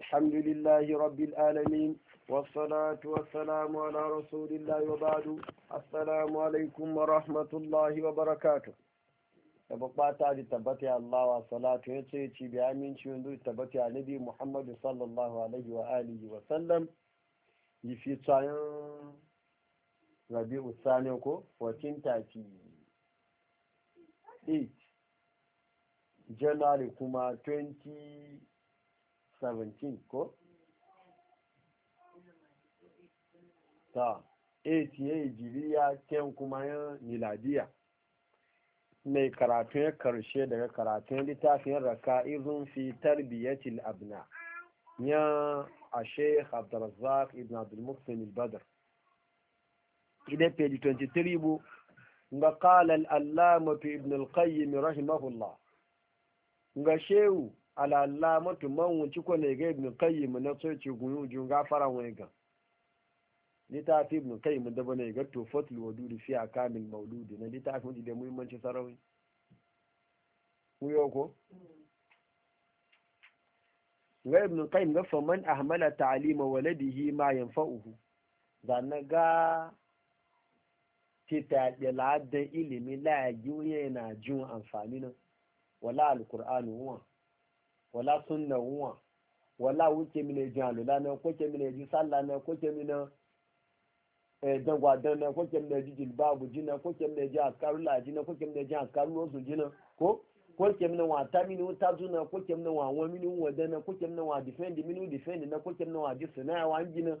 الحمد لله رب العالمين والصلاة والسلام على رسول الله وبعد السلام عليكم ورحمة الله وبركاته tabbata da tabbata ya Allah wa salatu ya ce ci bi aminci yanzu tabbata ya nabi Muhammad sallallahu alaihi wa alihi wa sallam yi fi tsayin ko 1438 kuma 20 17 ko? ta 8 ya hijiriya ken kuma ya miladiya mai karatun karshe daga karatun littafin raka izun fi tarbiyyatil abna ya a sheikh abdulrazak ibn abdulmuhsin badr ida page 23 bu ga qala al-allama ibn al-qayyim rahimahullah ga shehu alala man manwun ciko ne ga ibn qayyim na soci gunu jun gafara wani ga fi ibn qayyim da bane ga to fatul wadudi fi akamil mauludi na littafin da muhimmanci sarawi yo ko ga ibn qayyim ga faman ahmala ta'lima waladihi ma yanfa'uhu da na ga da ladan ilimi la yaji yana jin amfani na. wala alqur'anu wa wala sunna wa wala wuce mine jin alula na ko ke mine ji salla na ko ke mine eh dangwa dan na ko ke mine ji jilbabu ji na ko ke mine ji askarula ji na ko ke mine ji askarula su ji na ko ko ke mine wa ta mini ta zu na ko ke mine wa wa mini wa dan na ko mine wa defend mini defend na ko ke mine wa ji sana wa ji na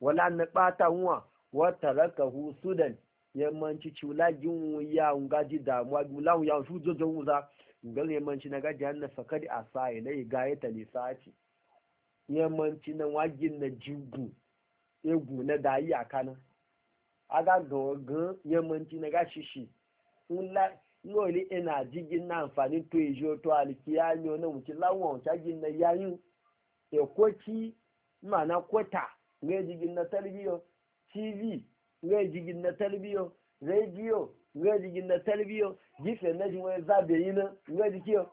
wala na bata wa wa tarakahu sudan yammanci cula jin ya ngaji damuwa gulawun ya su jojo wuza gal yamanci na gaji hannu fakari a sa'i na igaye ta lissaci yammanci na wagin na jigu egwu na dayi a kana ga gangan yammanci na gashi shi nwoli ina jigin na amfani to ejo to ya yi wani wuce lawon cagin na yayin ekoki mana kwata nga jigin na talibiyo tv nga jigin na talibiyo radio nga jigin gina tarbiyo gife na shi wani zabe yi na nga jikiyo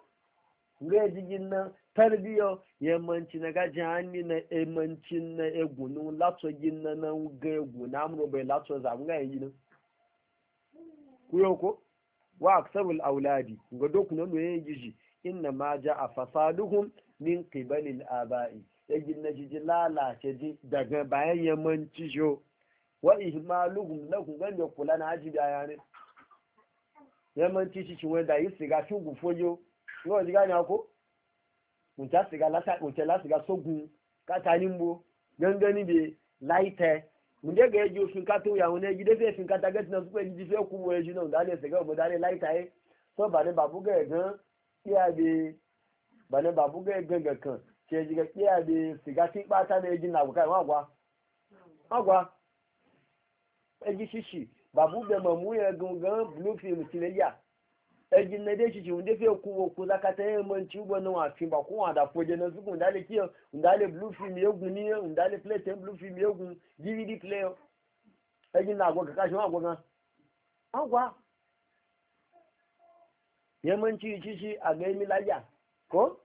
nga jigin na tarbiyo yammanci na gajin hannu na yammanci na egwu nun na ga egwu na amuro bai latso za nga yi na kuyoko wa aksarul auladi ga dokunan noye gishi inna ma ja a fasaduhum min qibalil aba'i yajin na jiji lalace ji daga bayan yammanci jo wa ihmaluhum lahum ganda kula na haji bayanin yamanci shi shi wanda yi siga shugun foyo yau ji gani ako unta siga sogun kata nimbo gangani be laite munde ga yaji sun ka to ya wona gide fe sun ka ta gatina su pe ji fe ku wo e e. ji no dale siga babu ga gan kan ke ji ga ya be siga ti pata ne e ji na babu da mamu ya gangan blue film tilayya ejin na dai shi wanda fi ku ku zaka ta yamman ci ba nan afin ba kuma da foje na zugun da le kiyo da le blue film ya gun ni da le play ten blue film ya gun dvd player ejin na agwa. kaka shi ma go gan agwa yamman ci ci ci a ga mi laya ko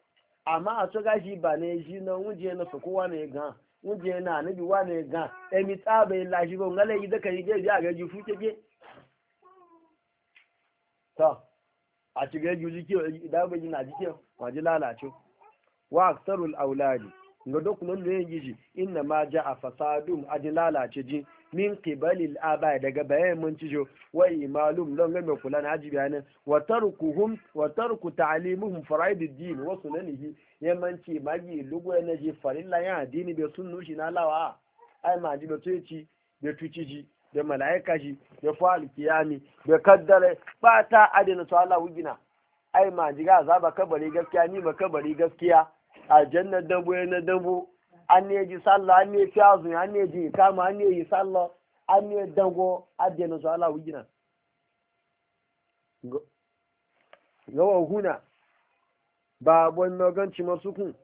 amma a tsoga shi ba ne shi na wuje na fukuwa ne gan wuje na nabi wane ga emi tsaba illa shi go ngale yi daga yige ya ga jufu keke to a ci ga juji ke da ba ji na ji ke wa ji lalace wa aktarul auladi ga dokunan da yin giji inna ma ja ja'a fasadum ji lalace ji min qibalil aba daga bayan mun cijo wa imalum don ga mai kula na haji bayanin wa tarkuhum wa tarku ta'limuhum faraidid din wa sunanihi yamanci magi lugu na ji farilla ya addini be sunnu shi na lawa ai ma ji be tuci be tuci da malaika ji da fa'al kiyami da kaddare ba ta adina su Allah wugina ai ma ji ga azaba kabari gaskiya ni ma kabari gaskiya aljanna dabo na dabo an ne ji sallah an ne fi an ne ji kama an ne yi sallah an ne su ala wujina yawan huna ba abuwan masu kun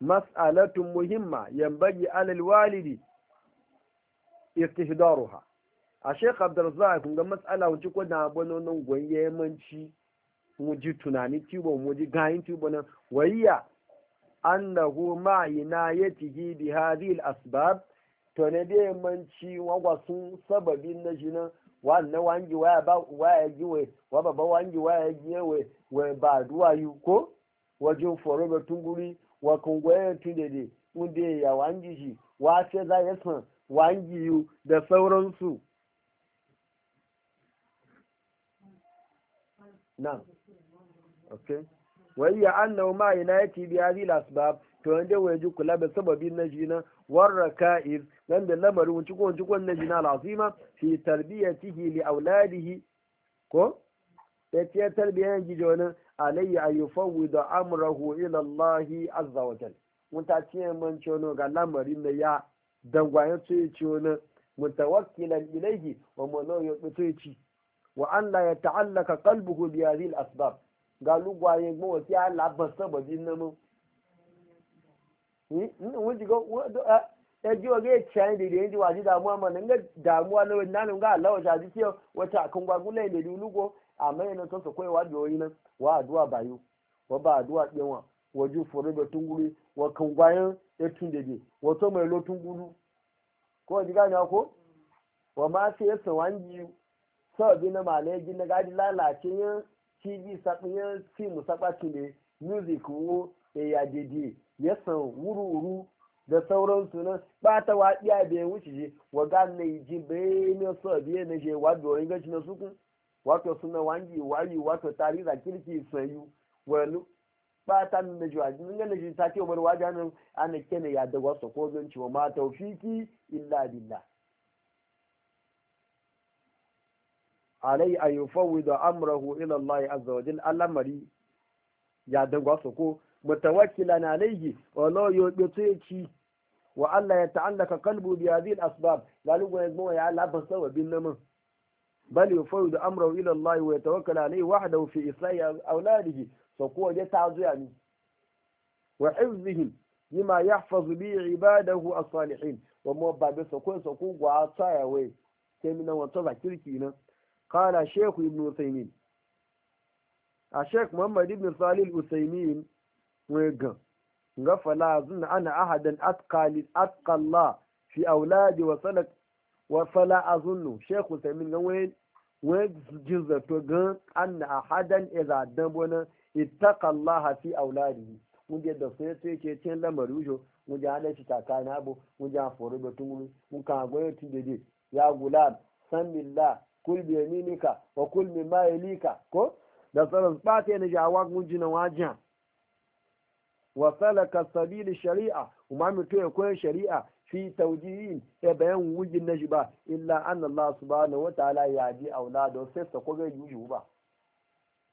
mas'alatun muhimma yambagi alal walidi istihdaruha a sheikh abdulrazak kun ga mas'ala wuce ko da abun nan gwanyemanci mu ji tunani tubo mu ji gayin tubo nan wayya annahu ma inayatihi bi hadhil asbab to ne man ci wagwa sun sababin na jina wanne wangi waya ba waya giwe wa baba wangi waya giwe wa ba duwa yu ko wajen foro tunguri wa kungwaye tunde unde ya wangi shi wa ce za ya san wangi yu da sauransu na okay wayya annahu ma inayati bi hadhihi asbab to wanda waye ji kula da sababin na jina warraka'ir dan da lamarin wuci ko wuci ko na jina al-azima fi tarbiyatihi li auladihi ko ta ce tarbiyyar gijo wani alayya a yi fawida amurahu ilallahi azza wa jal ta ce man ce wani ga lamarin da ya dangwayen su ce wani mutawakkilan ilaihi wa mana ya ci wa allah ya ta'allaka kalbuhu bi asbab Galugu lugwa ye gbon ti a la ban san bo din namo hmm? ni won eh, eh, ji go e ji o ge chen de de ndi wa ji da nga da mu ala na nu ga Allah ja ji tiyo wata gule de di lugo amma ina to so koi wa do yin wa bayu wa ba addu'a dinwa waju foro be tunguri wa kan gwayan e tun de de wa to mai e ko ji ga na ko wa ma sai sawanji sabi na malaji na gadi lalace tv sapiyan fíìmù sapakile music wo eya dede yasan wuru-wuru da sauran na bata wa iya da ya wuce shi wa ga mai ji bai ne so biye na je wa dorin gaci na sukun wato suna wangi wari wato tarihi kirki sayu wani bata min da jiwa jin ganin shi ta ce wa wajen ana kene ya da wasu ko zanci wa ma taufiki illa billah علي أن يفوض أمره إلى الله عز وجل ألا مري يا دنغو سوكو متوكلا عليه ولا يطيقي وألا يتعلق قلبه بهذه الأسباب لا لغو يزمو يا الله بسوى بالنمى بل يفوض أمره إلى الله ويتوكل عليه وحده في إصلاح أولاده سوكو يتعزو يعني وحفظهم لما يحفظ به عباده الصالحين ومو بس سوكو سوكو وعطايا وي كي من وانتظر كيركي kala sheku ibn usaimin a sheku muhammad ibn salil usaimin wegan nga fala zun ana ahadan atkali atkalla fi auladi wa sanak wa fala azunnu sheku usaimin nga wen wen jizza to gan ana ahadan iza dambona fi auladi mun je da sai ke cin lamari ujo mun je ana fita kana bo mun a foro da tunguru mun ka goyo tinde ya gulal sanillah kul bi yaminika wa kul mimma yalika ko da tsaron fata ne ja wa gunji na wajiya wa salaka sabili shari'a umma mutu ya koyar shari'a fi tawjihin e bayan wujin na shi ba illa anna Allah subhanahu wa ta'ala ya bi aulado sai ta ko ga yuju ba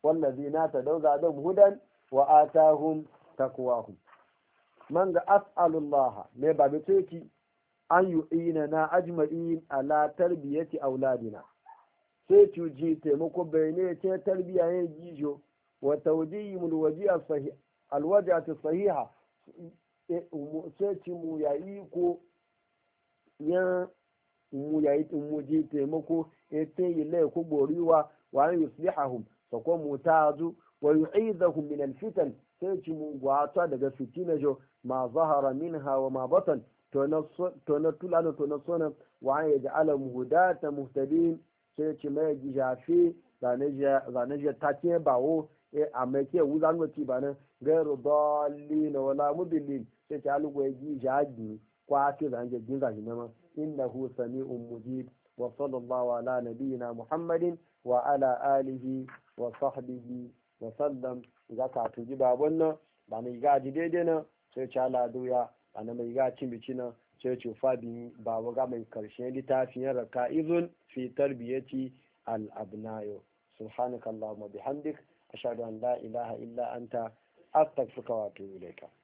ta tadawza da hudan wa atahum taqwahum man ga as'alullaha me ba bi an yu'ina na ajma'in ala tarbiyati auladina sai cuji taimako ne ce tarbiya ya gijo wa tawjihi mun wajiha sahih al ta sahiha e, sai ci mu yayi ko ya mu yayi mu ji taimako e yi lai ko goriwa wa an yuslihahum sako zu wa yu'idhahum min al fitan sai ci mu gwata daga fitina jo ma zahara min hawa ma batan to na to tulano to na sona wa an muhtadin sai ce mai gijafe zanajiya ta ce ba wo e, a mai ke wuza ci ba nan gairu dole na wala mubili sai ce alugu ya gijaji kwace zanajiya jin zaji nama inda hu sami umuji wa sallallahu ala nabiyina muhammadin wa ala alihi wa sahbihi wa sallam ga ka tuji babon nan ba yi gaji daidai nan sai ce ala doya ba na mai gaci bici nan sai ce fabi ba mai karshen littafin raka izun fi tarbiyyati al-abnayo subhanakallahumma bihamdik ashhadu an la ilaha illa anta astaghfiruka wa atubu ilayka